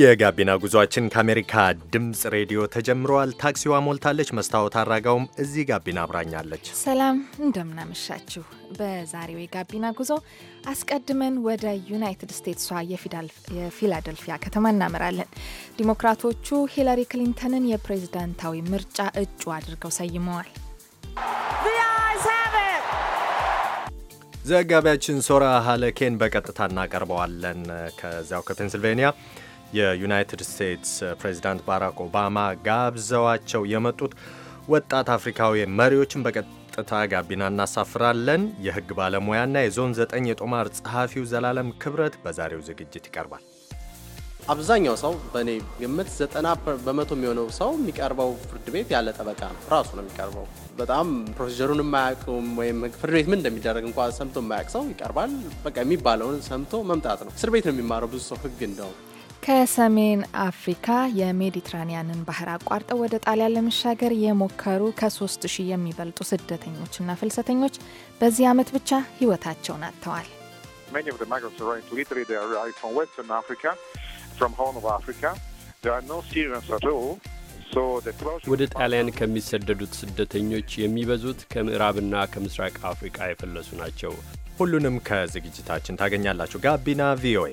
የጋቢና ጉዟችን ከአሜሪካ ድምፅ ሬዲዮ ተጀምሯል። ታክሲዋ ሞልታለች። መስታወት አራጋውም እዚህ ጋቢና አብራኛለች። ሰላም እንደምናመሻችሁ። በዛሬው የጋቢና ጉዞ አስቀድመን ወደ ዩናይትድ ስቴትሷ የፊላደልፊያ ከተማ እናመራለን። ዲሞክራቶቹ ሂላሪ ክሊንተንን የፕሬዝዳንታዊ ምርጫ እጩ አድርገው ሰይመዋል። ዘጋቢያችን ሶራ ሀለኬን በቀጥታ እናቀርበዋለን። ከዚያው ከፔንስልቬንያ የዩናይትድ ስቴትስ ፕሬዚዳንት ባራክ ኦባማ ጋብዘዋቸው የመጡት ወጣት አፍሪካዊ መሪዎችን በቀጥታ ጋቢና እናሳፍራለን። ባለሙያ ባለሙያና የዞን ዘጠኝ የጦማር ጸሐፊው ዘላለም ክብረት በዛሬው ዝግጅት ይቀርባል። አብዛኛው ሰው በእኔ ግምት ዘጠና በመቶ የሚሆነው ሰው የሚቀርበው ፍርድ ቤት ያለ ጠበቃ ነው። ራሱ ነው የሚቀርበው። በጣም ፕሮሲጀሩን የማያውቅም ወይም ፍርድ ቤት ምን እንደሚደረግ እንኳ ሰምቶ የማያውቅ ሰው ይቀርባል። በቃ የሚባለውን ሰምቶ መምጣት ነው። እስር ቤት ነው የሚማረው ብዙ ሰው ህግ እንደው ከሰሜን አፍሪካ የሜዲትራኒያንን ባህር አቋርጠው ወደ ጣሊያን ለመሻገር የሞከሩ ከሶስት ሺህ የሚበልጡ ስደተኞችና ፍልሰተኞች በዚህ ዓመት ብቻ ህይወታቸውን አጥተዋል። ወደ ጣሊያን ከሚሰደዱት ስደተኞች የሚበዙት ከምዕራብና ከምስራቅ አፍሪቃ የፈለሱ ናቸው። ሁሉንም ከዝግጅታችን ታገኛላችሁ። ጋቢና ቪኦኤ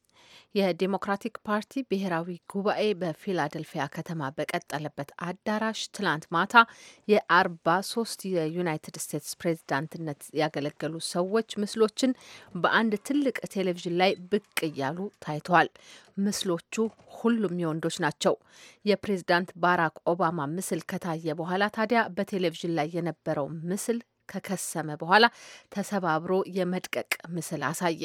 የዴሞክራቲክ ፓርቲ ብሔራዊ ጉባኤ በፊላደልፊያ ከተማ በቀጠለበት አዳራሽ ትላንት ማታ የአርባ ሶስት የዩናይትድ ስቴትስ ፕሬዝዳንትነት ያገለገሉ ሰዎች ምስሎችን በአንድ ትልቅ ቴሌቪዥን ላይ ብቅ እያሉ ታይተዋል። ምስሎቹ ሁሉም የወንዶች ናቸው። የፕሬዝዳንት ባራክ ኦባማ ምስል ከታየ በኋላ ታዲያ በቴሌቪዥን ላይ የነበረው ምስል ከከሰመ በኋላ ተሰባብሮ የመድቀቅ ምስል አሳየ።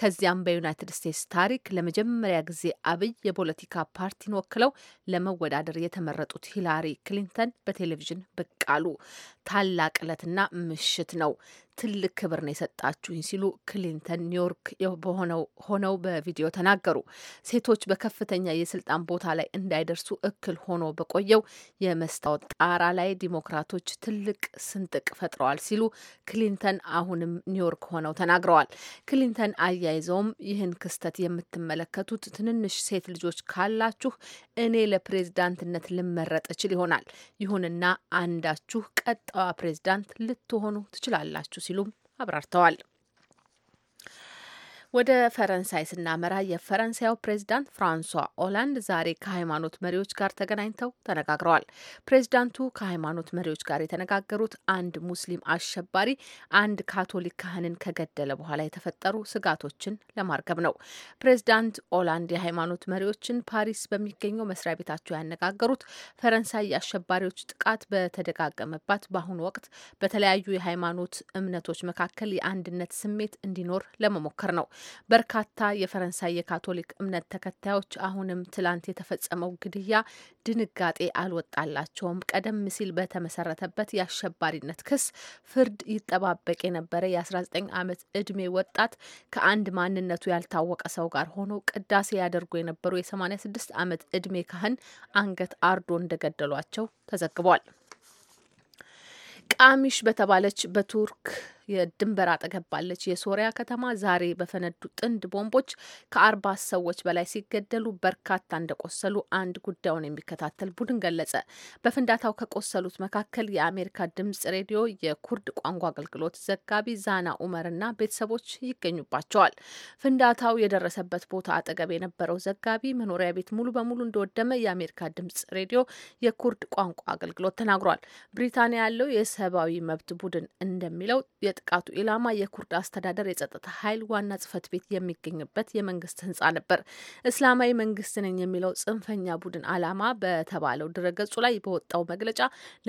ከዚያም በዩናይትድ ስቴትስ ታሪክ ለመጀመሪያ ጊዜ አብይ የፖለቲካ ፓርቲን ወክለው ለመወዳደር የተመረጡት ሂላሪ ክሊንተን በቴሌቪዥን ብቅ አሉ። ታላቅ ዕለትና ምሽት ነው። ትልቅ ክብር ነው የሰጣችሁኝ ሲሉ ክሊንተን ኒውዮርክ በሆነው ሆነው በቪዲዮ ተናገሩ። ሴቶች በከፍተኛ የስልጣን ቦታ ላይ እንዳይደርሱ እክል ሆኖ በቆየው የመስታወት ጣራ ላይ ዲሞክራቶች ትልቅ ስንጥቅ ፈጥረዋል ሲሉ ክሊንተን አሁንም ኒውዮርክ ሆነው ተናግረዋል። ክሊንተን አያይዘውም ይህን ክስተት የምትመለከቱት ትንንሽ ሴት ልጆች ካላችሁ እኔ ለፕሬዝዳንትነት ልመረጥ እችል ይሆናል። ይሁንና አንዳችሁ ቀጣዋ ፕሬዝዳንት ልትሆኑ ትችላላችሁ ሲሉም አብራርተዋል። ወደ ፈረንሳይ ስናመራ የፈረንሳያው ፕሬዚዳንት ፍራንሷ ኦላንድ ዛሬ ከሃይማኖት መሪዎች ጋር ተገናኝተው ተነጋግረዋል። ፕሬዚዳንቱ ከሃይማኖት መሪዎች ጋር የተነጋገሩት አንድ ሙስሊም አሸባሪ አንድ ካቶሊክ ካህንን ከገደለ በኋላ የተፈጠሩ ስጋቶችን ለማርገብ ነው። ፕሬዚዳንት ኦላንድ የሃይማኖት መሪዎችን ፓሪስ በሚገኘው መስሪያ ቤታቸው ያነጋገሩት ፈረንሳይ የአሸባሪዎች ጥቃት በተደጋገመባት በአሁኑ ወቅት በተለያዩ የሃይማኖት እምነቶች መካከል የአንድነት ስሜት እንዲኖር ለመሞከር ነው። በርካታ የፈረንሳይ የካቶሊክ እምነት ተከታዮች አሁንም ትላንት የተፈጸመው ግድያ ድንጋጤ አልወጣላቸውም። ቀደም ሲል በተመሰረተበት የአሸባሪነት ክስ ፍርድ ይጠባበቅ የነበረ የ19 ዓመት እድሜ ወጣት ከአንድ ማንነቱ ያልታወቀ ሰው ጋር ሆኖ ቅዳሴ ያደርጉ የነበሩ የ86 ዓመት እድሜ ካህን አንገት አርዶ እንደገደሏቸው ተዘግቧል። ቃሚሽ በተባለች በቱርክ የድንበር አጠገብ ባለች የሶሪያ ከተማ ዛሬ በፈነዱ ጥንድ ቦምቦች ከአርባ ሰዎች በላይ ሲገደሉ በርካታ እንደቆሰሉ አንድ ጉዳዩን የሚከታተል ቡድን ገለጸ። በፍንዳታው ከቆሰሉት መካከል የአሜሪካ ድምጽ ሬዲዮ የኩርድ ቋንቋ አገልግሎት ዘጋቢ ዛና ኡመርና ቤተሰቦች ይገኙባቸዋል። ፍንዳታው የደረሰበት ቦታ አጠገብ የነበረው ዘጋቢ መኖሪያ ቤት ሙሉ በሙሉ እንደወደመ የአሜሪካ ድምጽ ሬዲዮ የኩርድ ቋንቋ አገልግሎት ተናግሯል። ብሪታንያ ያለው የሰብአዊ መብት ቡድን እንደሚለው የጥቃቱ ኢላማ የኩርድ አስተዳደር የጸጥታ ኃይል ዋና ጽህፈት ቤት የሚገኝበት የመንግስት ህንጻ ነበር። እስላማዊ መንግስት ነኝ የሚለው ጽንፈኛ ቡድን አላማ በተባለው ድረገጹ ላይ በወጣው መግለጫ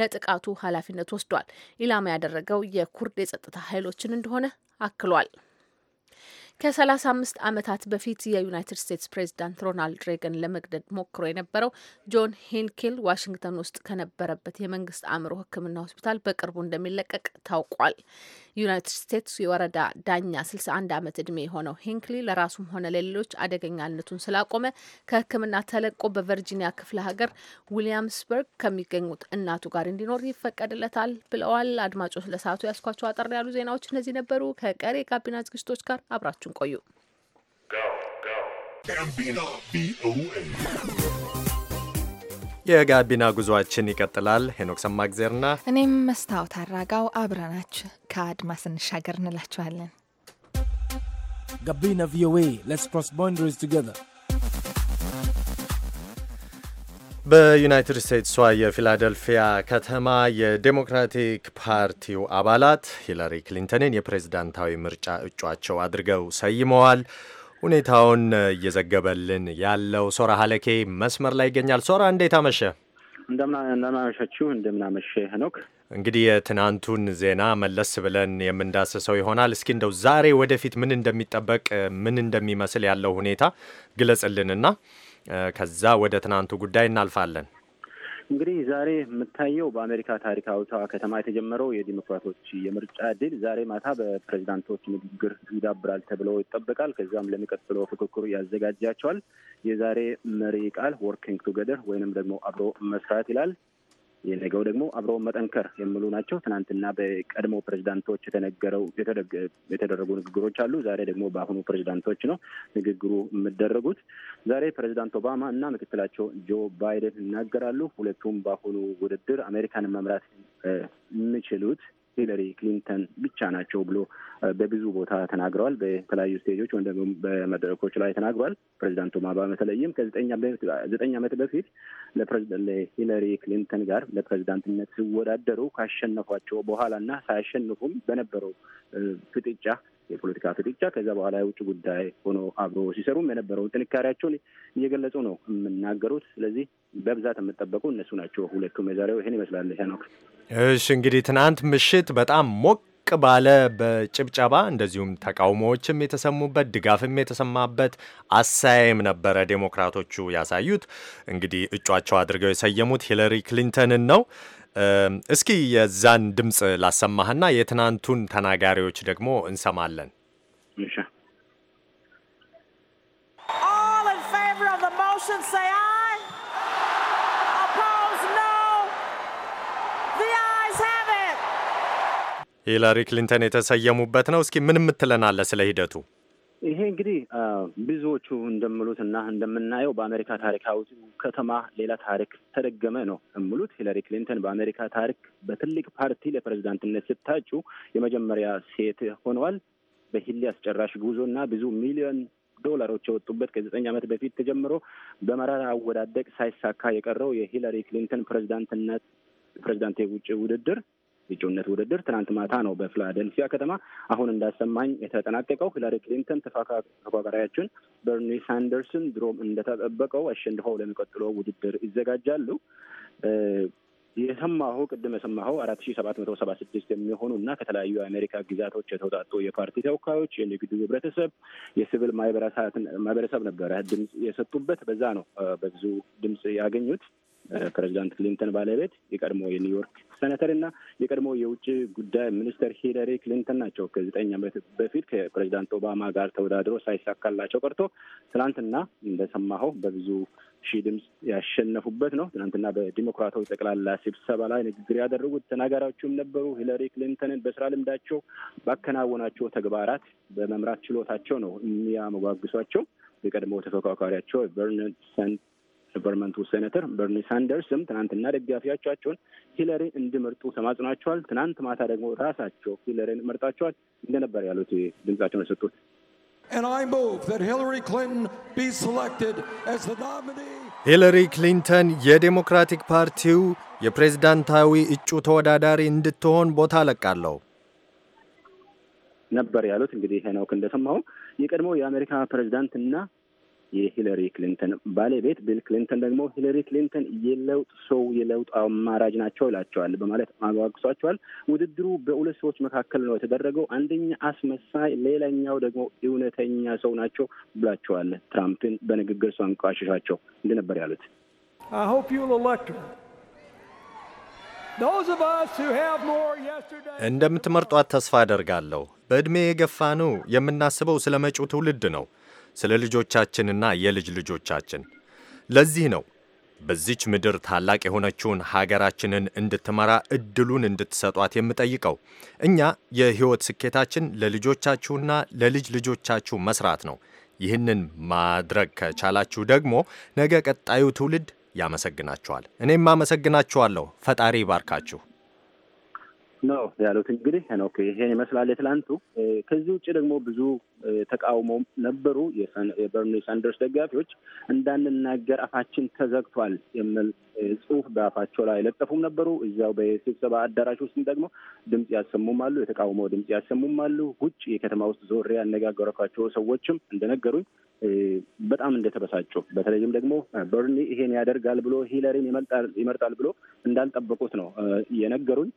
ለጥቃቱ ኃላፊነት ወስዷል። ኢላማ ያደረገው የኩርድ የጸጥታ ኃይሎችን እንደሆነ አክሏል። ከ ከ35 ዓመታት በፊት የዩናይትድ ስቴትስ ፕሬዚዳንት ሮናልድ ሬገን ለመግደድ ሞክሮ የነበረው ጆን ሄንኬል ዋሽንግተን ውስጥ ከነበረበት የመንግስት አእምሮ ሕክምና ሆስፒታል በቅርቡ እንደሚለቀቅ ታውቋል። ዩናይትድ ስቴትስ የወረዳ ዳኛ 61 ዓመት ዕድሜ የሆነው ሂንክሊ ለራሱም ሆነ ለሌሎች አደገኛነቱን ስላቆመ ከሕክምና ተለቆ በቨርጂኒያ ክፍለ ሀገር ዊሊያምስበርግ ከሚገኙት እናቱ ጋር እንዲኖር ይፈቀድለታል ብለዋል። አድማጮች፣ ለሰዓቱ ያስኳቸው አጠር ያሉ ዜናዎች እነዚህ ነበሩ። ከቀሪ የጋቢና ዝግጅቶች ጋር አብራችሁን ቆዩ። የጋቢና ጉዞአችን ይቀጥላል። ሄኖክ ሰማግዜርና እኔም መስታወት አራጋው አብረናችሁ ከአድማስ እንሻገር እንላችኋለን። ጋቢና ቪኦኤ ሌትስ ክሮስ ቦንደሪስ ቱጌዘር በዩናይትድ ስቴትሷ የፊላደልፊያ ከተማ የዴሞክራቲክ ፓርቲው አባላት ሂለሪ ክሊንተንን የፕሬዝዳንታዊ ምርጫ እጩአቸው አድርገው ሰይመዋል። ሁኔታውን እየዘገበልን ያለው ሶራ ሀለኬ መስመር ላይ ይገኛል። ሶራ እንዴት አመሸ? እንደምናመሻችሁ እንደምናመሸ ሄኖክ። እንግዲህ የትናንቱን ዜና መለስ ብለን የምንዳስሰው ይሆናል። እስኪ እንደው ዛሬ ወደፊት ምን እንደሚጠበቅ ምን እንደሚመስል ያለው ሁኔታ ግለጽልንና ከዛ ወደ ትናንቱ ጉዳይ እናልፋለን። እንግዲህ ዛሬ የምታየው በአሜሪካ ታሪካዊቷ ከተማ የተጀመረው የዲሞክራቶች የምርጫ ድል ዛሬ ማታ በፕሬዚዳንቶች ንግግር ይዳብራል ተብሎ ይጠበቃል። ከዚያም ለሚቀጥለው ፍክክር ያዘጋጃቸዋል። የዛሬ መሪ ቃል ወርኪንግ ቱገደር ወይንም ደግሞ አብሮ መስራት ይላል። የነገው ደግሞ አብሮ መጠንከር የሚሉ ናቸው። ትናንትና በቀድሞ ፕሬዚዳንቶች የተነገረው የተደረጉ ንግግሮች አሉ። ዛሬ ደግሞ በአሁኑ ፕሬዚዳንቶች ነው ንግግሩ የሚደረጉት። ዛሬ ፕሬዚዳንት ኦባማ እና ምክትላቸው ጆ ባይደን ይናገራሉ። ሁለቱም በአሁኑ ውድድር አሜሪካንን መምራት የሚችሉት ሂለሪ ክሊንተን ብቻ ናቸው ብሎ በብዙ ቦታ ተናግረዋል። በተለያዩ ስቴጆች ወይም ደግሞ በመድረኮች ላይ ተናግረዋል። ፕሬዚዳንት ኦባማ በተለይም ከዘጠኝ ዓመት በፊት ለሂለሪ ክሊንተን ጋር ለፕሬዚዳንትነት ሲወዳደሩ ካሸነፏቸው በኋላ እና ሳያሸንፉም በነበረው ፍጥጫ የፖለቲካ ፍጥጫ ከዛ በኋላ የውጭ ጉዳይ ሆኖ አብሮ ሲሰሩም የነበረውን ጥንካሬያቸውን እየገለጹ ነው የምናገሩት። ስለዚህ በብዛት የምጠበቁ እነሱ ናቸው። ሁለቱም የዛሬው ይህን ይመስላል። ሄኖክ እሺ፣ እንግዲህ ትናንት ምሽት በጣም ሞቅ ባለ በጭብጨባ እንደዚሁም ተቃውሞዎችም የተሰሙበት ድጋፍም የተሰማበት አሳይም ነበረ ዴሞክራቶቹ ያሳዩት። እንግዲህ እጯቸው አድርገው የሰየሙት ሂለሪ ክሊንተንን ነው። እስኪ የዛን ድምፅ ላሰማህና የትናንቱን ተናጋሪዎች ደግሞ እንሰማለን። ሂላሪ ክሊንተን የተሰየሙበት ነው። እስኪ ምን ምትለናለ ስለ ሂደቱ? ይሄ እንግዲህ ብዙዎቹ እንደምሉት እና እንደምናየው በአሜሪካ ታሪካዊ ከተማ ሌላ ታሪክ ተደገመ ነው የምሉት። ሂለሪ ክሊንተን በአሜሪካ ታሪክ በትልቅ ፓርቲ ለፕሬዚዳንትነት ስታጩ የመጀመሪያ ሴት ሆነዋል። በሂሊ አስጨራሽ ጉዞ እና ብዙ ሚሊዮን ዶላሮች የወጡበት ከዘጠኝ ዓመት በፊት ተጀምሮ በመራራ አወዳደቅ ሳይሳካ የቀረው የሂለሪ ክሊንተን ፕሬዚዳንትነት ፕሬዚዳንት የውጭ ውድድር የእጩነት ውድድር ትናንት ማታ ነው በፊላደልፊያ ከተማ አሁን እንዳሰማኝ የተጠናቀቀው። ሂላሪ ክሊንተን ተፎካካሪያችን በርኒ ሳንደርስን ድሮም እንደተጠበቀው አሸንፈው ለሚቀጥለው ውድድር ይዘጋጃሉ። የሰማሁ ቅድም የሰማኸው አራት ሺ ሰባት መቶ ሰባ ስድስት የሚሆኑ እና ከተለያዩ የአሜሪካ ግዛቶች የተውጣጡ የፓርቲ ተወካዮች፣ የንግዱ ህብረተሰብ፣ የሲቪል ማህበረሰብ ነበረ ድምፅ የሰጡበት። በዛ ነው በብዙ ድምፅ ያገኙት። ፕሬዚዳንት ክሊንተን ባለቤት የቀድሞ የኒውዮርክ ሴኔተር እና የቀድሞ የውጭ ጉዳይ ሚኒስትር ሂለሪ ክሊንተን ናቸው። ከዘጠኝ ዓመት በፊት ከፕሬዚዳንት ኦባማ ጋር ተወዳድሮ ሳይሳካላቸው ቀርቶ ትናንትና እንደሰማኸው በብዙ ሺህ ድምፅ ያሸነፉበት ነው። ትናንትና በዲሞክራቶች ጠቅላላ ስብሰባ ላይ ንግግር ያደረጉት ተናጋሪዎቹም ነበሩ። ሂለሪ ክሊንተንን በስራ ልምዳቸው ባከናወናቸው ተግባራት በመምራት ችሎታቸው ነው የሚያመጓግሷቸው። የቀድሞ ተፎካካሪያቸው ቨርነን ሰንት የቨርመንቱ ሴኔተር በርኒ ሳንደርስም ትናንትና ደጋፊዎቻቸውን ሂለሪ እንዲመርጡ ተማጽኗቸዋል። ትናንት ማታ ደግሞ ራሳቸው ሂለሪን መርጣቸዋል እንደነበር ያሉት ድምጻቸውን የሰጡት ሂለሪ ክሊንተን የዴሞክራቲክ ፓርቲው የፕሬዝዳንታዊ እጩ ተወዳዳሪ እንድትሆን ቦታ ለቃለሁ ነበር ያሉት። እንግዲህ ሄኖክ እንደሰማው የቀድሞ የአሜሪካ ፕሬዝዳንትና የሂለሪ ክሊንተን ባለቤት ቢል ክሊንተን ደግሞ ሂለሪ ክሊንተን የለውጥ ሰው የለውጥ አማራጅ ናቸው ይላቸዋል በማለት አጓጉሷቸዋል። ውድድሩ በሁለት ሰዎች መካከል ነው የተደረገው። አንደኛ አስመሳይ፣ ሌላኛው ደግሞ እውነተኛ ሰው ናቸው ብላቸዋል። ትራምፕን በንግግር ሰው አንቋሸሻቸው እንደነበር ያሉት እንደምትመርጧት ተስፋ አደርጋለሁ። በዕድሜ የገፋኑ የምናስበው ስለ መጪው ትውልድ ነው ስለ ልጆቻችንና የልጅ ልጆቻችን። ለዚህ ነው በዚች ምድር ታላቅ የሆነችውን ሀገራችንን እንድትመራ እድሉን እንድትሰጧት የምጠይቀው። እኛ የሕይወት ስኬታችን ለልጆቻችሁና ለልጅ ልጆቻችሁ መስራት ነው። ይህንን ማድረግ ከቻላችሁ ደግሞ ነገ ቀጣዩ ትውልድ ያመሰግናችኋል። እኔም አመሰግናችኋለሁ። ፈጣሪ ይባርካችሁ። ነው ያሉት። እንግዲህ ይሄን ይመስላል የትላንቱ። ከዚህ ውጭ ደግሞ ብዙ ተቃውሞ ነበሩ። የበርኒ ሳንደርስ ደጋፊዎች እንዳንናገር አፋችን ተዘግቷል የሚል ጽሁፍ በአፋቸው ላይ ለጠፉም ነበሩ። እዚያው በስብሰባ አዳራሽ ውስጥ ደግሞ ድምፅ ያሰሙም አሉ፣ የተቃውሞ ድምፅ ያሰሙም አሉ። ውጭ የከተማ ውስጥ ዞር ያነጋገርኳቸው ሰዎችም እንደነገሩኝ በጣም እንደተበሳጩ በተለይም ደግሞ በርኒ ይሄን ያደርጋል ብሎ ሂለሪን ይመርጣል ብሎ እንዳልጠበቁት ነው የነገሩኝ።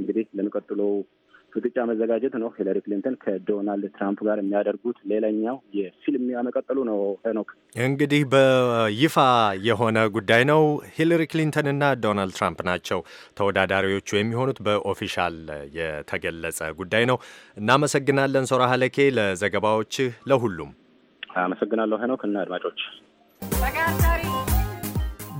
እንግዲህ ለሚቀጥሎ ፍጥጫ መዘጋጀት ነው። ሂለሪ ክሊንተን ከዶናልድ ትራምፕ ጋር የሚያደርጉት ሌላኛው የፊልም መቀጠሉ ነው። ሄኖክ እንግዲህ በይፋ የሆነ ጉዳይ ነው። ሂለሪ ክሊንተን እና ዶናልድ ትራምፕ ናቸው ተወዳዳሪዎቹ የሚሆኑት። በኦፊሻል የተገለጸ ጉዳይ ነው። እናመሰግናለን ሶራ ሀለኬ ለዘገባዎችህ። ለሁሉም አመሰግናለሁ ሄኖክ እና አድማጮች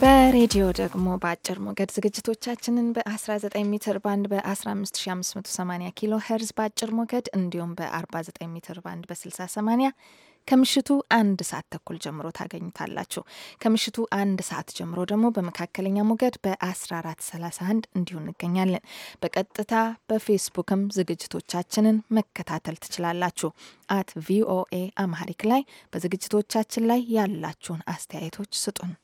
በሬዲዮ ደግሞ በአጭር ሞገድ ዝግጅቶቻችንን በ19 ሜትር ባንድ በ15580 ኪሎ ሄርዝ በአጭር ሞገድ እንዲሁም በ49 ሜትር ባንድ በ6080 ከምሽቱ አንድ ሰዓት ተኩል ጀምሮ ታገኙታላችሁ። ከምሽቱ አንድ ሰዓት ጀምሮ ደግሞ በመካከለኛ ሞገድ በ1431 እንዲሁ እንገኛለን። በቀጥታ በፌስቡክም ዝግጅቶቻችንን መከታተል ትችላላችሁ። አት ቪኦኤ አማሪክ ላይ በዝግጅቶቻችን ላይ ያላችሁን አስተያየቶች ስጡን።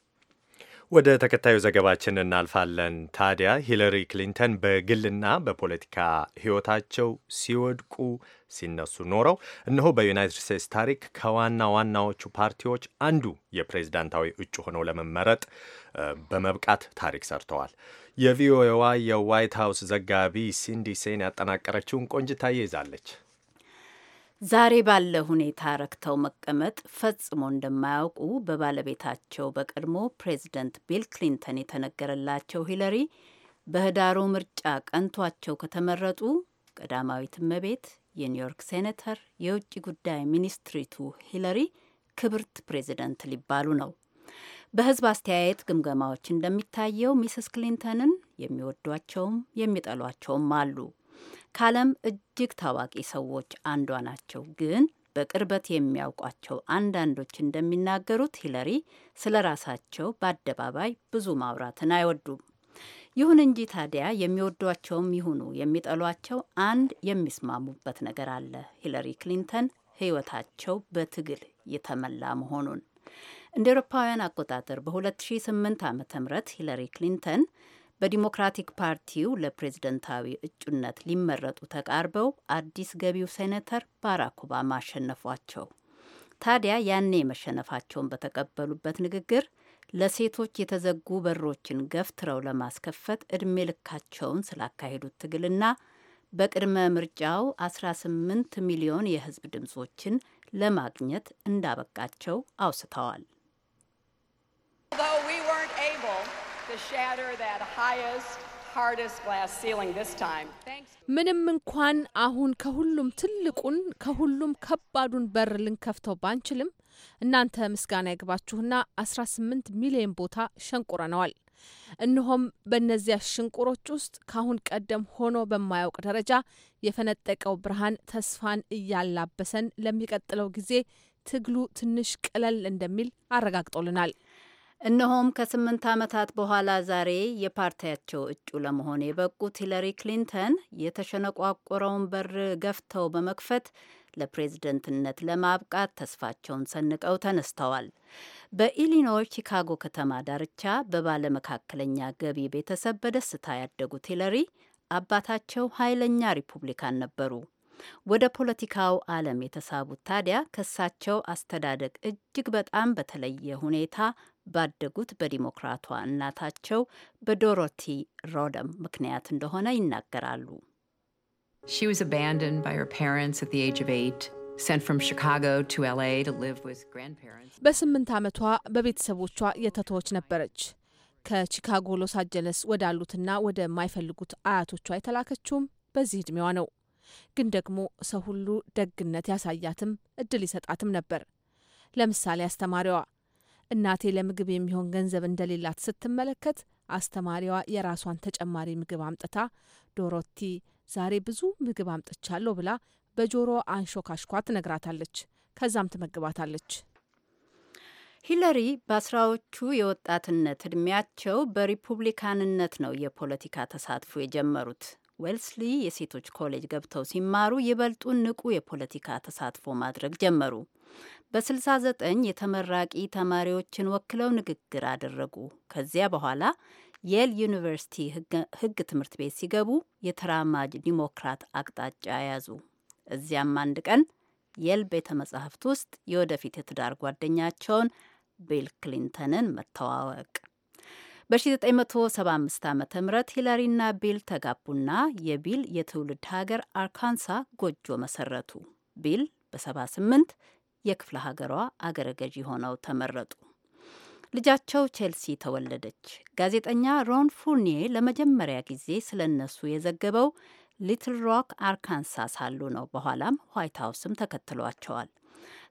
ወደ ተከታዩ ዘገባችን እናልፋለን። ታዲያ ሂለሪ ክሊንተን በግልና በፖለቲካ ሕይወታቸው ሲወድቁ ሲነሱ ኖረው እነሆ በዩናይትድ ስቴትስ ታሪክ ከዋና ዋናዎቹ ፓርቲዎች አንዱ የፕሬዝዳንታዊ እጩ ሆነው ለመመረጥ በመብቃት ታሪክ ሰርተዋል። የቪኦኤዋ የዋይት ሀውስ ዘጋቢ ሲንዲ ሴን ያጠናቀረችውን ቆንጅታ ይዛለች። ዛሬ ባለ ሁኔታ ረክተው መቀመጥ ፈጽሞ እንደማያውቁ በባለቤታቸው በቀድሞ ፕሬዚደንት ቢል ክሊንተን የተነገረላቸው ሂለሪ በህዳሩ ምርጫ ቀንቷቸው ከተመረጡ ቀዳማዊት እመቤት፣ የኒውዮርክ ሴኔተር፣ የውጭ ጉዳይ ሚኒስትሪቱ ሂለሪ ክብርት ፕሬዚደንት ሊባሉ ነው። በህዝብ አስተያየት ግምገማዎች እንደሚታየው ሚስስ ክሊንተንን የሚወዷቸውም የሚጠሏቸውም አሉ። ከዓለም እጅግ ታዋቂ ሰዎች አንዷ ናቸው። ግን በቅርበት የሚያውቋቸው አንዳንዶች እንደሚናገሩት ሂለሪ ስለ ራሳቸው በአደባባይ ብዙ ማውራትን አይወዱም። ይሁን እንጂ ታዲያ የሚወዷቸውም ይሁኑ የሚጠሏቸው አንድ የሚስማሙበት ነገር አለ። ሂለሪ ክሊንተን ሕይወታቸው በትግል የተመላ መሆኑን እንደ ኤሮፓውያን አቆጣጠር በ2008 ዓ ም ሂለሪ ክሊንተን በዲሞክራቲክ ፓርቲው ለፕሬዝደንታዊ እጩነት ሊመረጡ ተቃርበው አዲስ ገቢው ሴኔተር ባራክ ኦባማ አሸነፏቸው። ታዲያ ያኔ መሸነፋቸውን በተቀበሉበት ንግግር ለሴቶች የተዘጉ በሮችን ገፍትረው ለማስከፈት እድሜ ልካቸውን ስላካሄዱት ትግልና በቅድመ ምርጫው 18 ሚሊዮን የሕዝብ ድምጾችን ለማግኘት እንዳበቃቸው አውስተዋል። ምንም እንኳን አሁን ከሁሉም ትልቁን ከሁሉም ከባዱን በር ልንከፍተው ባንችልም እናንተ ምስጋና ይግባችሁና 18 ሚሊዮን ቦታ ሸንቁረነዋል። እነሆም በእነዚያ ሽንቁሮች ውስጥ ከአሁን ቀደም ሆኖ በማያውቅ ደረጃ የፈነጠቀው ብርሃን ተስፋን እያላበሰን ለሚቀጥለው ጊዜ ትግሉ ትንሽ ቅለል እንደሚል አረጋግጦልናል። እነሆም ከስምንት ዓመታት በኋላ ዛሬ የፓርቲያቸው እጩ ለመሆን የበቁት ሂለሪ ክሊንተን የተሸነቋቆረውን በር ገፍተው በመክፈት ለፕሬዝደንትነት ለማብቃት ተስፋቸውን ሰንቀው ተነስተዋል። በኢሊኖይ ቺካጎ ከተማ ዳርቻ በባለመካከለኛ ገቢ ቤተሰብ በደስታ ያደጉት ሂለሪ አባታቸው ኃይለኛ ሪፑብሊካን ነበሩ። ወደ ፖለቲካው ዓለም የተሳቡት ታዲያ ከሳቸው አስተዳደግ እጅግ በጣም በተለየ ሁኔታ ባደጉት በዲሞክራቷ እናታቸው በዶሮቲ ሮደም ምክንያት እንደሆነ ይናገራሉ። በስምንት ዓመቷ በቤተሰቦቿ የተተወች ነበረች። ከቺካጎ ሎስ አንጀለስ ወዳሉትና ወደማይፈልጉት አያቶቿ የተላከችውም በዚህ ዕድሜዋ ነው። ግን ደግሞ ሰው ሁሉ ደግነት ያሳያትም እድል ይሰጣትም ነበር። ለምሳሌ አስተማሪዋ እናቴ ለምግብ የሚሆን ገንዘብ እንደሌላት ስትመለከት አስተማሪዋ የራሷን ተጨማሪ ምግብ አምጥታ ዶሮቲ ዛሬ ብዙ ምግብ አምጥቻለሁ ብላ በጆሮ አንሾካሽኳ ትነግራታለች። ከዛም ትመግባታለች። ሂለሪ በአስራዎቹ የወጣትነት እድሜያቸው በሪፑብሊካንነት ነው የፖለቲካ ተሳትፎ የጀመሩት። ዌልስሊ የሴቶች ኮሌጅ ገብተው ሲማሩ ይበልጡን ንቁ የፖለቲካ ተሳትፎ ማድረግ ጀመሩ። በ69 የተመራቂ ተማሪዎችን ወክለው ንግግር አደረጉ። ከዚያ በኋላ የል ዩኒቨርሲቲ ሕግ ትምህርት ቤት ሲገቡ የተራማጅ ዲሞክራት አቅጣጫ ያዙ። እዚያም አንድ ቀን የል ቤተ መጻሕፍት ውስጥ የወደፊት የትዳር ጓደኛቸውን ቢል ክሊንተንን መተዋወቅ በ1975 ዓ ም ሂላሪና ቢል ተጋቡና የቢል የትውልድ ሀገር አርካንሳ ጎጆ መሰረቱ። ቢል በ78 የክፍለ ሀገሯ አገረ ገዢ ሆነው ተመረጡ። ልጃቸው ቼልሲ ተወለደች። ጋዜጠኛ ሮን ፉርኔ ለመጀመሪያ ጊዜ ስለ እነሱ የዘገበው ሊትል ሮክ አርካንሳ ሳሉ ነው። በኋላም ዋይት ሀውስም ተከትሏቸዋል።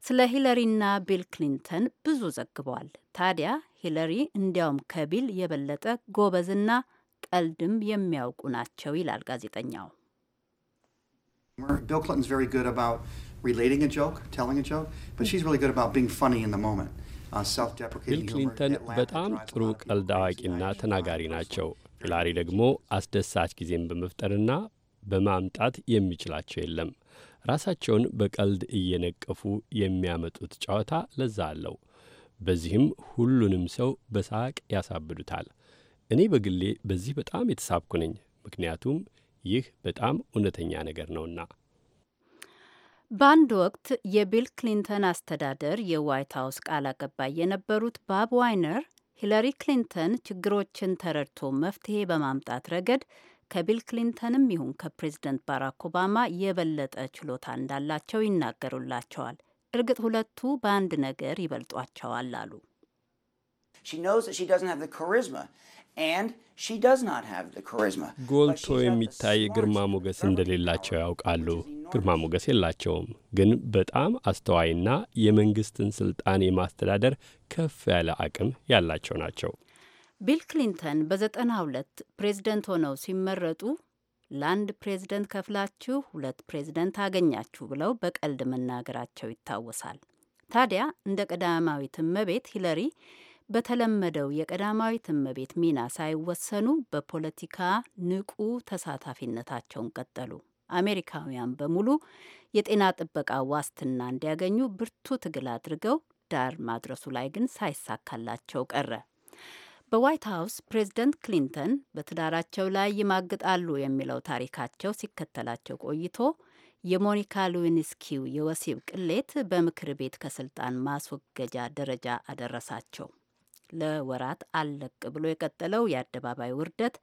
ስለ ሂለሪና ቢል ክሊንተን ብዙ ዘግቧል። ታዲያ ሂለሪ እንዲያውም ከቢል የበለጠ ጎበዝና ቀልድም የሚያውቁ ናቸው ይላል ጋዜጠኛው። ቢል ክሊንተን uh, በጣም ጥሩ ቀልድ አዋቂና ተናጋሪ ናቸው። ሂላሪ ደግሞ አስደሳች ጊዜን በመፍጠርና በማምጣት የሚችላቸው የለም። ራሳቸውን በቀልድ እየነቀፉ የሚያመጡት ጨዋታ ለዛ አለው። በዚህም ሁሉንም ሰው በሳቅ ያሳብዱታል። እኔ በግሌ በዚህ በጣም የተሳብኩ ነኝ፣ ምክንያቱም ይህ በጣም እውነተኛ ነገር ነውና። በአንድ ወቅት የቢል ክሊንተን አስተዳደር የዋይት ሀውስ ቃል አቀባይ የነበሩት ባብ ዋይነር ሂለሪ ክሊንተን ችግሮችን ተረድቶ መፍትሄ በማምጣት ረገድ ከቢል ክሊንተንም ይሁን ከፕሬዝደንት ባራክ ኦባማ የበለጠ ችሎታ እንዳላቸው ይናገሩላቸዋል። እርግጥ ሁለቱ በአንድ ነገር ይበልጧቸዋል አሉ። ጎልቶ የሚታይ ግርማ ሞገስ እንደሌላቸው ያውቃሉ። ግርማ ሞገስ የላቸውም፣ ግን በጣም አስተዋይና የመንግስትን ስልጣን የማስተዳደር ከፍ ያለ አቅም ያላቸው ናቸው። ቢል ክሊንተን በ92 ፕሬዝደንት ሆነው ሲመረጡ ለአንድ ፕሬዝደንት ከፍላችሁ ሁለት ፕሬዝደንት አገኛችሁ ብለው በቀልድ መናገራቸው ይታወሳል። ታዲያ እንደ ቀዳማዊት እመቤት ሂለሪ በተለመደው የቀዳማዊት እመቤት ሚና ሳይወሰኑ በፖለቲካ ንቁ ተሳታፊነታቸውን ቀጠሉ። አሜሪካውያን በሙሉ የጤና ጥበቃ ዋስትና እንዲያገኙ ብርቱ ትግል አድርገው ዳር ማድረሱ ላይ ግን ሳይሳካላቸው ቀረ። በዋይት ሀውስ ፕሬዝደንት ክሊንተን በትዳራቸው ላይ ይማግጣሉ የሚለው ታሪካቸው ሲከተላቸው ቆይቶ የሞኒካ ሉዊንስኪው የወሲብ ቅሌት በምክር ቤት ከስልጣን ማስወገጃ ደረጃ አደረሳቸው። ለወራት አለቅ ብሎ የቀጠለው የአደባባይ ውርደት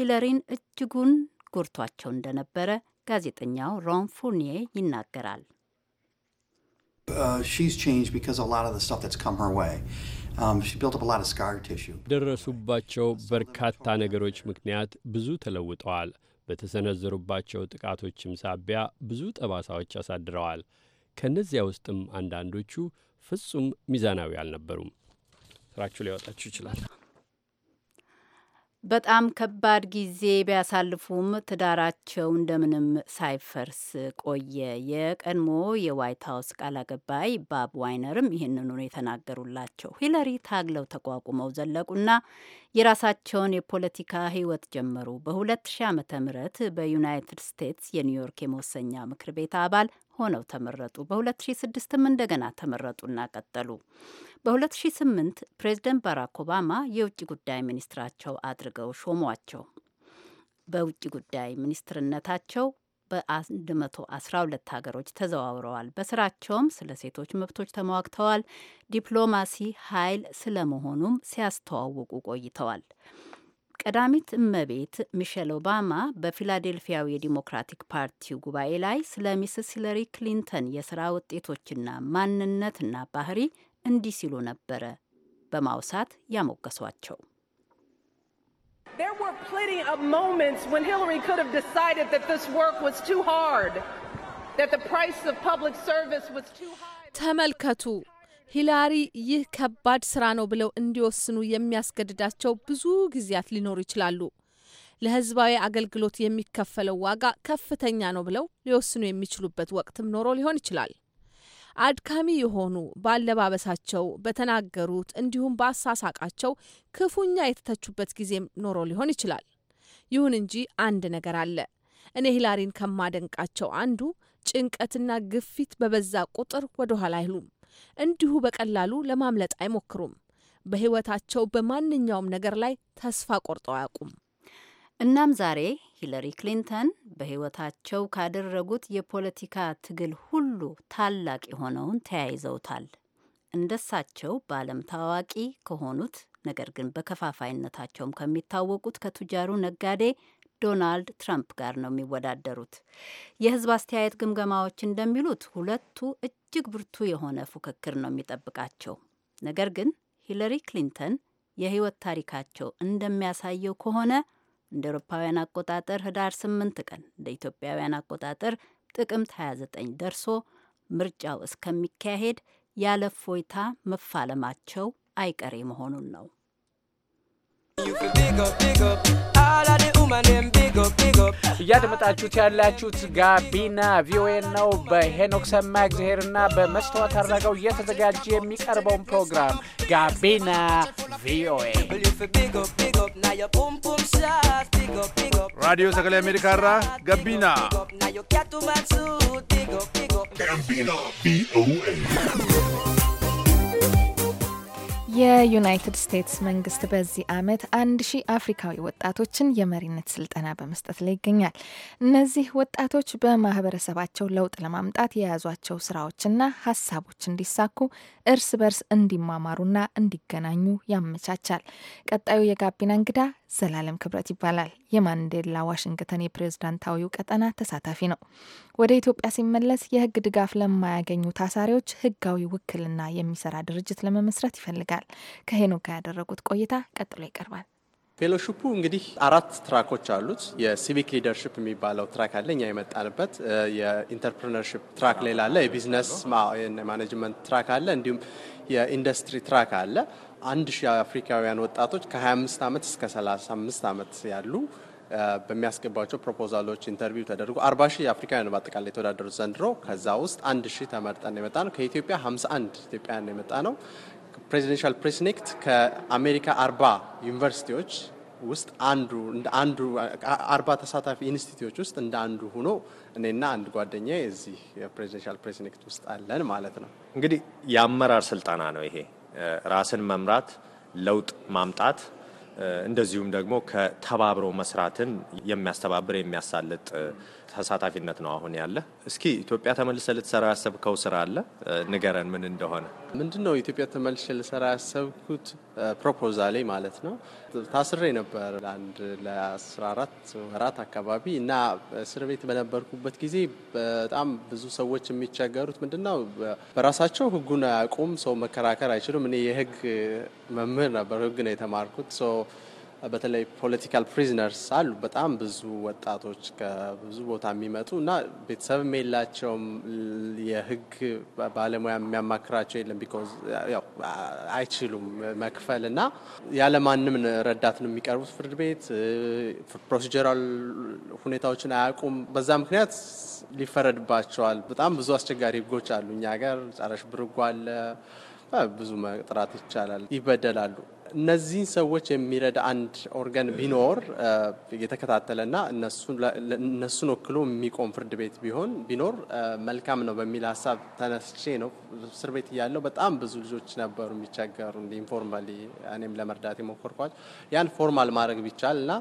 ሂለሪን እጅጉን ጎርቷቸው እንደነበረ ጋዜጠኛው ሮን ፉርኒየ ይናገራል። uh, Um, ደረሱባቸው በርካታ ነገሮች ምክንያት ብዙ ተለውጠዋል። በተሰነዘሩባቸው ጥቃቶችም ሳቢያ ብዙ ጠባሳዎች አሳድረዋል። ከእነዚያ ውስጥም አንዳንዶቹ ፍጹም ሚዛናዊ አልነበሩም። ስራችሁ ሊያወጣችሁ ይችላል። በጣም ከባድ ጊዜ ቢያሳልፉም ትዳራቸው እንደምንም ሳይፈርስ ቆየ። የቀድሞ የዋይት ሀውስ ቃል አቀባይ ባብ ዋይነርም ይህንኑ የተናገሩላቸው። ሂለሪ ታግለው ተቋቁመው ዘለቁና የራሳቸውን የፖለቲካ ህይወት ጀመሩ። በ2000 ዓ ም በዩናይትድ ስቴትስ የኒውዮርክ የመወሰኛ ምክር ቤት አባል ሆነው ተመረጡ። በ2006ም እንደገና ተመረጡና ቀጠሉ። በ2008 ፕሬዝደንት ባራክ ኦባማ የውጭ ጉዳይ ሚኒስትራቸው አድርገው ሾሟቸው። በውጭ ጉዳይ ሚኒስትርነታቸው በ112 ሀገሮች ተዘዋውረዋል። በስራቸውም ስለ ሴቶች መብቶች ተሟግተዋል። ዲፕሎማሲ ኃይል ስለመሆኑም ሲያስተዋውቁ ቆይተዋል። ቀዳሚት እመቤት ሚሸል ኦባማ በፊላዴልፊያው የዲሞክራቲክ ፓርቲ ጉባኤ ላይ ስለ ሚስስ ሂለሪ ክሊንተን የስራ ውጤቶችና ማንነትና ባህሪ እንዲህ ሲሉ ነበረ በማውሳት ያሞገሷቸው። ተመልከቱ ሂላሪ ይህ ከባድ ስራ ነው ብለው እንዲወስኑ የሚያስገድዳቸው ብዙ ጊዜያት ሊኖሩ ይችላሉ። ለህዝባዊ አገልግሎት የሚከፈለው ዋጋ ከፍተኛ ነው ብለው ሊወስኑ የሚችሉበት ወቅትም ኖሮ ሊሆን ይችላል። አድካሚ የሆኑ በአለባበሳቸው፣ በተናገሩት እንዲሁም በአሳሳቃቸው ክፉኛ የተተቹበት ጊዜም ኖሮ ሊሆን ይችላል። ይሁን እንጂ አንድ ነገር አለ። እኔ ሂላሪን ከማደንቃቸው አንዱ ጭንቀትና ግፊት በበዛ ቁጥር ወደ ኋላ አይሉም። እንዲሁ በቀላሉ ለማምለጥ አይሞክሩም። በህይወታቸው በማንኛውም ነገር ላይ ተስፋ ቆርጠው አያውቁም። እናም ዛሬ ሂለሪ ክሊንተን በህይወታቸው ካደረጉት የፖለቲካ ትግል ሁሉ ታላቅ የሆነውን ተያይዘውታል። እንደሳቸው በዓለም ታዋቂ ከሆኑት ነገር ግን በከፋፋይነታቸውም ከሚታወቁት ከቱጃሩ ነጋዴ ዶናልድ ትራምፕ ጋር ነው የሚወዳደሩት። የህዝብ አስተያየት ግምገማዎች እንደሚሉት ሁለቱ እጅግ ብርቱ የሆነ ፉክክር ነው የሚጠብቃቸው። ነገር ግን ሂለሪ ክሊንተን የህይወት ታሪካቸው እንደሚያሳየው ከሆነ እንደ አውሮፓውያን አቆጣጠር ህዳር 8 ቀን እንደ ኢትዮጵያውያን አቆጣጠር ጥቅምት 29 ደርሶ ምርጫው እስከሚካሄድ ያለ ፎይታ መፋለማቸው አይቀሬ መሆኑን ነው። እያደመጣችሁት ያላችሁት ጋቢና ቪኦኤ ነው። በሄኖክ ሰማ እግዚአብሔርና በመስተዋት አድረገው እየተዘጋጀ የሚቀርበውን ፕሮግራም ጋቢና ቪኦኤ ራዲዮ አሜሪካ ራ ጋቢና ጋቢና ቪኦኤ የዩናይትድ ስቴትስ መንግስት በዚህ ዓመት አንድ ሺህ አፍሪካዊ ወጣቶችን የመሪነት ስልጠና በመስጠት ላይ ይገኛል። እነዚህ ወጣቶች በማህበረሰባቸው ለውጥ ለማምጣት የያዟቸው ስራዎችና ሀሳቦች እንዲሳኩ እርስ በርስ እንዲማማሩና እንዲገናኙ ያመቻቻል። ቀጣዩ የጋቢና እንግዳ ዘላለም ክብረት ይባላል። የማንዴላ ዋሽንግተን የፕሬዝዳንታዊው ቀጠና ተሳታፊ ነው። ወደ ኢትዮጵያ ሲመለስ የህግ ድጋፍ ለማያገኙ ታሳሪዎች ህጋዊ ውክልና የሚሰራ ድርጅት ለመመስረት ይፈልጋል። ከሄኖክ ጋር ያደረጉት ቆይታ ቀጥሎ ይቀርባል። ፌሎሺፑ እንግዲህ አራት ትራኮች አሉት። የሲቪክ ሊደርሽፕ የሚባለው ትራክ አለ፣ እኛ የመጣንበት የኢንተርፕርነርሽፕ ትራክ ሌላ አለ፣ የቢዝነስ ማኔጅመንት ትራክ አለ፣ እንዲሁም የኢንዱስትሪ ትራክ አለ። አንድ ሺህ አፍሪካውያን ወጣቶች ከ25 ዓመት እስከ 35 ዓመት ያሉ በሚያስገባቸው ፕሮፖዛሎች ኢንተርቪው ተደርጎ አርባ ሺህ አፍሪካውያን በአጠቃላይ የተወዳደሩት ዘንድሮ ከዛ ውስጥ አንድ ሺህ ተመርጠን የመጣ ነው። ከኢትዮጵያ ሀምሳ አንድ ኢትዮጵያውያን የመጣ ነው። ፕሬዚደንሻል ፕሬስኔክት ከአሜሪካ አርባ ዩኒቨርሲቲዎች ውስጥ አንዱ እንደ አንዱ አርባ ተሳታፊ ኢንስቲትዩቶች ውስጥ እንደ አንዱ ሆኖ እኔና አንድ ጓደኛ የዚህ የፕሬዚደንሻል ፕሬስኔክት ውስጥ አለን ማለት ነው። እንግዲህ የአመራር ስልጠና ነው ይሄ ራስን መምራት ለውጥ ማምጣት እንደዚሁም ደግሞ ከተባብሮ መስራትን የሚያስተባብር የሚያሳልጥ ተሳታፊነት ነው አሁን ያለ። እስኪ ኢትዮጵያ ተመልሰ ልትሰራ ያሰብከው ስራ አለ ንገረን፣ ምን እንደሆነ። ምንድን ነው ኢትዮጵያ ተመልሼ ልሰራ ያሰብኩት ፕሮፖዛሌ ማለት ነው። ታስሬ ነበር ለአንድ ለ14 ወራት አካባቢ እና እስር ቤት በነበርኩበት ጊዜ በጣም ብዙ ሰዎች የሚቸገሩት ምንድነው በራሳቸው ህጉን አያውቁም። ሰው መከራከር አይችሉም። እኔ የህግ መምህር ነበር፣ ህግ ነው የተማርኩት በተለይ ፖለቲካል ፕሪዝነርስ አሉ። በጣም ብዙ ወጣቶች ከብዙ ቦታ የሚመጡ እና ቤተሰብም የላቸውም፣ የህግ ባለሙያ የሚያማክራቸው የለም። ቢኮዝ ያው አይችሉም መክፈል እና ያለማንም ረዳት ነው የሚቀርቡት ፍርድ ቤት። ፕሮሲጀራል ሁኔታዎችን አያውቁም። በዛ ምክንያት ሊፈረድባቸዋል። በጣም ብዙ አስቸጋሪ ህጎች አሉ እኛ ሀገር፣ ጸረ ሽብር አለ። ብዙ መጥራት ይቻላል። ይበደላሉ። እነዚህን ሰዎች የሚረዳ አንድ ኦርገን ቢኖር የተከታተለና እነሱን ወክሎ የሚቆም ፍርድ ቤት ቢሆን ቢኖር መልካም ነው በሚል ሀሳብ ተነስቼ ነው። እስር ቤት እያለው በጣም ብዙ ልጆች ነበሩ የሚቸገሩ፣ ኢንፎርማሊ እኔም ለመርዳት የሞከርኳቸው ያን ፎርማል ማድረግ ቢቻል እና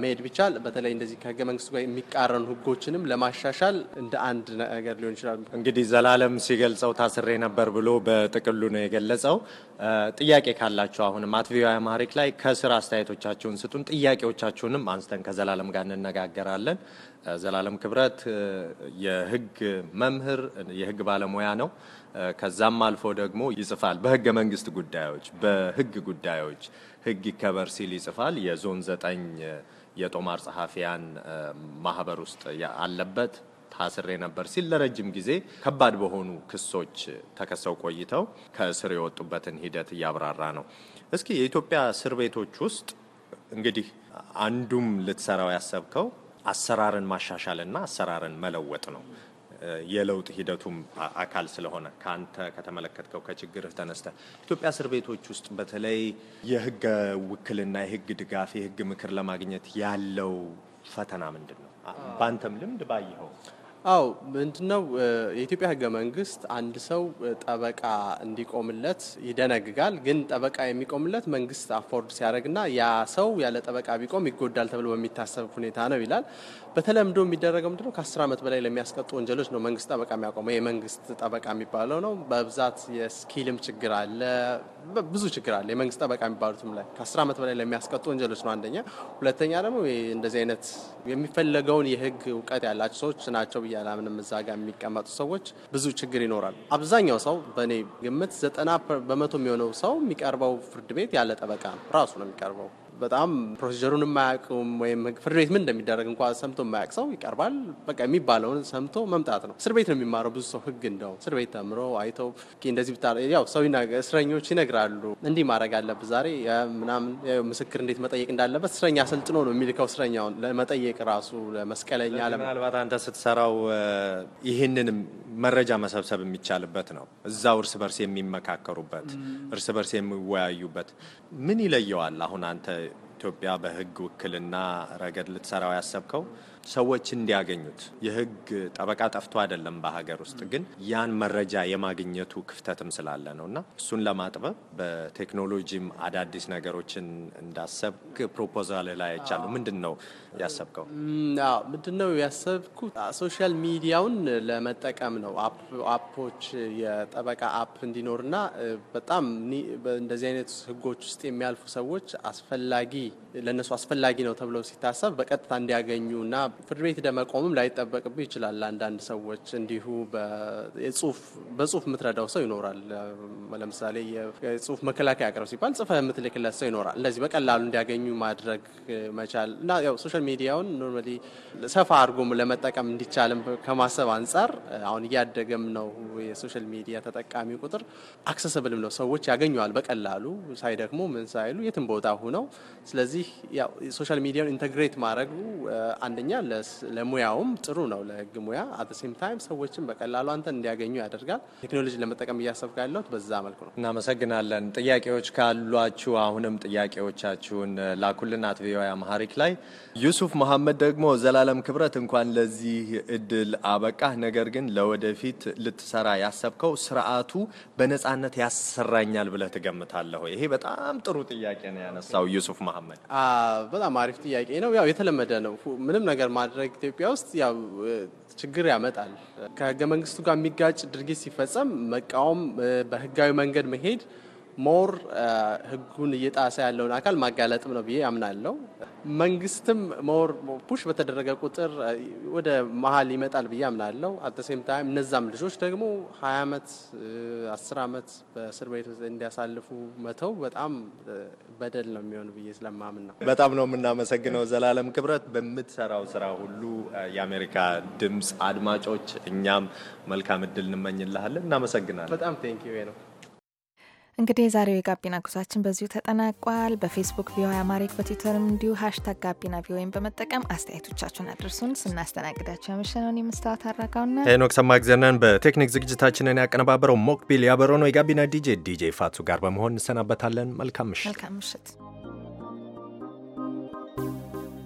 መሄድ ቢቻል በተለይ እንደዚህ ከህገ መንግስቱ ጋር የሚቃረኑ ህጎችንም ለማሻሻል እንደ አንድ ነገር ሊሆን ይችላል። እንግዲህ ዘላለም ሲገልጸው ታስሬ ነበር ብሎ በጥቅሉ ነው የገለጸው። ጥያቄ ካላቸው አሁንም አት አማሪክ ላይ ከስር አስተያየቶቻችሁን ስጡን። ጥያቄዎቻችሁንም አንስተን ከዘላለም ጋር እንነጋገራለን። ዘላለም ክብረት የህግ መምህር፣ የህግ ባለሙያ ነው። ከዛም አልፎ ደግሞ ይጽፋል በህገ መንግስት ጉዳዮች፣ በህግ ጉዳዮች ህግ ይከበር ሲል ይጽፋል። የዞን ዘጠኝ የጦማር ጸሐፊያን ማህበር ውስጥ አለበት። ታስሬ ነበር ሲል ለረጅም ጊዜ ከባድ በሆኑ ክሶች ተከሰው ቆይተው ከእስር የወጡበትን ሂደት እያብራራ ነው። እስኪ የኢትዮጵያ እስር ቤቶች ውስጥ እንግዲህ አንዱም ልትሰራው ያሰብከው አሰራርን ማሻሻልና አሰራርን መለወጥ ነው። የለውጥ ሂደቱም አካል ስለሆነ ከአንተ ከተመለከትከው ከችግርህ ተነስተ ኢትዮጵያ እስር ቤቶች ውስጥ በተለይ የህገ ውክልና፣ የህግ ድጋፍ፣ የህግ ምክር ለማግኘት ያለው ፈተና ምንድን ነው? በአንተም ልምድ ባየኸው አው ምንድነው የኢትዮጵያ ህገ መንግስት አንድ ሰው ጠበቃ እንዲቆምለት ይደነግጋል። ግን ጠበቃ የሚቆምለት መንግስት አፎርድ ሲያደርግና ያ ሰው ያለ ጠበቃ ቢቆም ይጎዳል ተብሎ በሚታሰብ ሁኔታ ነው ይላል። በተለምዶ የሚደረገው ምንድነው ከአስር ዓመት በላይ ለሚያስቀጡ ወንጀሎች ነው መንግስት ጠበቃ የሚያቆመው። የመንግስት ጠበቃ የሚባለው ነው። በብዛት የስኪልም ችግር አለ፣ ብዙ ችግር አለ። የመንግስት ጠበቃ የሚባሉትም ላይ ከአስር ዓመት በላይ ለሚያስቀጡ ወንጀሎች ነው አንደኛ። ሁለተኛ ደግሞ እንደዚህ አይነት የሚፈለገውን የህግ እውቀት ያላቸው ሰዎች ናቸው ብዬ ብዬ አላምንም። እዛ ጋር የሚቀመጡ ሰዎች ብዙ ችግር ይኖራል። አብዛኛው ሰው በእኔ ግምት ዘጠና በመቶ የሚሆነው ሰው የሚቀርበው ፍርድ ቤት ያለ ጠበቃ ነው። ራሱ ነው የሚቀርበው በጣም ፕሮሲጀሩን የማያውቅም ወይም ፍርድ ቤት ምን እንደሚደረግ እንኳ ሰምቶ የማያውቅ ሰው ይቀርባል። በቃ የሚባለውን ሰምቶ መምጣት ነው። እስር ቤት ነው የሚማረው ብዙ ሰው ህግ እንደው እስር ቤት ተምሮ አይቶ እንደዚህ ብታ ያው ሰው እስረኞች ይነግራሉ። እንዲህ ማድረግ አለበት ዛሬ ምናምን ምስክር እንዴት መጠየቅ እንዳለበት እስረኛ ሰልጥኖ ነው የሚልከው። እስረኛውን ለመጠየቅ ራሱ ለመስቀለኛ ምናልባት አንተ ስትሰራው ይህንንም መረጃ መሰብሰብ የሚቻልበት ነው። እዛው እርስ በርስ የሚመካከሩበት፣ እርስ በርስ የሚወያዩበት ምን ይለየዋል? አሁን አንተ ኢትዮጵያ በህግ ውክልና ረገድ ልትሰራው ያሰብከው ሰዎች እንዲያገኙት የህግ ጠበቃ ጠፍቶ አይደለም። በሀገር ውስጥ ግን ያን መረጃ የማግኘቱ ክፍተትም ስላለ ነው እና እሱን ለማጥበብ በቴክኖሎጂም አዳዲስ ነገሮችን እንዳሰብክ ፕሮፖዛል ላይ አይቻሉ። ምንድን ነው ያሰብከው? ምንድን ነው ያሰብኩት ሶሻል ሚዲያውን ለመጠቀም ነው። አፖች የጠበቃ አፕ እንዲኖርና በጣም እንደዚህ አይነት ህጎች ውስጥ የሚያልፉ ሰዎች አስፈላጊ ለእነሱ አስፈላጊ ነው ተብለው ሲታሰብ በቀጥታ እንዲያገኙና ፍርድ ቤት ሄደህ ላይጠበቅብ ይችላል። አንዳንድ ሰዎች እንዲሁ በጽሁፍ የምትረዳው ሰው ይኖራል። ለምሳሌ የጽሁፍ መከላከያ አቅርብ ሲባል ጽፈህ የምትልክለት ሰው ይኖራል። እንደዚህ በቀላሉ እንዲያገኙ ማድረግ መቻል እና ያው ሶሻል ሚዲያውን ኖርማሊ ሰፋ አድርጎ ለመጠቀም እንዲቻልም ከማሰብ አንጻር አሁን እያደገም ነው የሶሻል ሚዲያ ተጠቃሚ ቁጥር አክሰስብልም ነው። ሰዎች ያገኘዋል በቀላሉ ሳይደክሙ ምን ሳይሉ የትም ቦታ ሁነው። ስለዚህ ሶሻል ሚዲያን ኢንተግሬት ማድረጉ አንደኛ ለሙያውም ጥሩ ነው፣ ለህግ ሙያ ሴም ታይም ሰዎችን በቀላሉ አንተን እንዲያገኙ ያደርጋል። ቴክኖሎጂ ለመጠቀም እያሰብኩ ያለሁት በዛ መልኩ ነው። እናመሰግናለን። ጥያቄዎች ካሏችሁ አሁንም ጥያቄዎቻችሁን ላኩልን አት ቪኦኤ አማሃሪክ ላይ። ዩሱፍ መሐመድ ደግሞ ዘላለም ክብረት እንኳን ለዚህ እድል አበቃህ። ነገር ግን ለወደፊት ልትሰራ ያሰብከው ስርዓቱ በነጻነት ያሰራኛል ብለህ ትገምታለሁ ይሄ በጣም ጥሩ ጥያቄ ነው ያነሳው ዩሱፍ መሐመድ። በጣም አሪፍ ጥያቄ ነው። ያው የተለመደ ነው ምንም ነገር ማድረግ ኢትዮጵያ ውስጥ ያው ችግር ያመጣል። ከህገ መንግስቱ ጋር የሚጋጭ ድርጊት ሲፈጸም መቃወም፣ በህጋዊ መንገድ መሄድ ሞር ህጉን እየጣሰ ያለውን አካል ማጋለጥም ነው ብዬ አምናለሁ። መንግስትም ሞር ፑሽ በተደረገ ቁጥር ወደ መሀል ይመጣል ብዬ አምናለሁ። አተሴም ታይም እነዛም ልጆች ደግሞ ሀያ ዓመት አስር ዓመት በእስር ቤት እንዲያሳልፉ መተው በጣም በደል ነው የሚሆኑ ብዬ ስለማምን ነው። በጣም ነው የምናመሰግነው ዘላለም ክብረት በምትሰራው ስራ ሁሉ የአሜሪካ ድምፅ አድማጮች እኛም መልካም እድል እንመኝልሃለን። እናመሰግናለን። በጣም ቴንኪዩ ነው። እንግዲህ የዛሬው የጋቢና ጉዟችን በዚሁ ተጠናቋል። በፌስቡክ ቪ አማሪክ፣ በትዊተርም እንዲሁ ሀሽታግ ጋቢና ቪ ወይም በመጠቀም አስተያየቶቻችሁን አድርሱን። ስናስተናግዳቸው ያመሸነውን የመስታወት አራጋውና ሄኖክ ሰማእግዜርነን፣ በቴክኒክ ዝግጅታችንን ያቀነባበረው ሞክቢል ያበረው ነው። የጋቢና ዲጄ ዲጄ ፋቱ ጋር በመሆን እንሰናበታለን። መልካም ምሽት። መልካም ምሽት።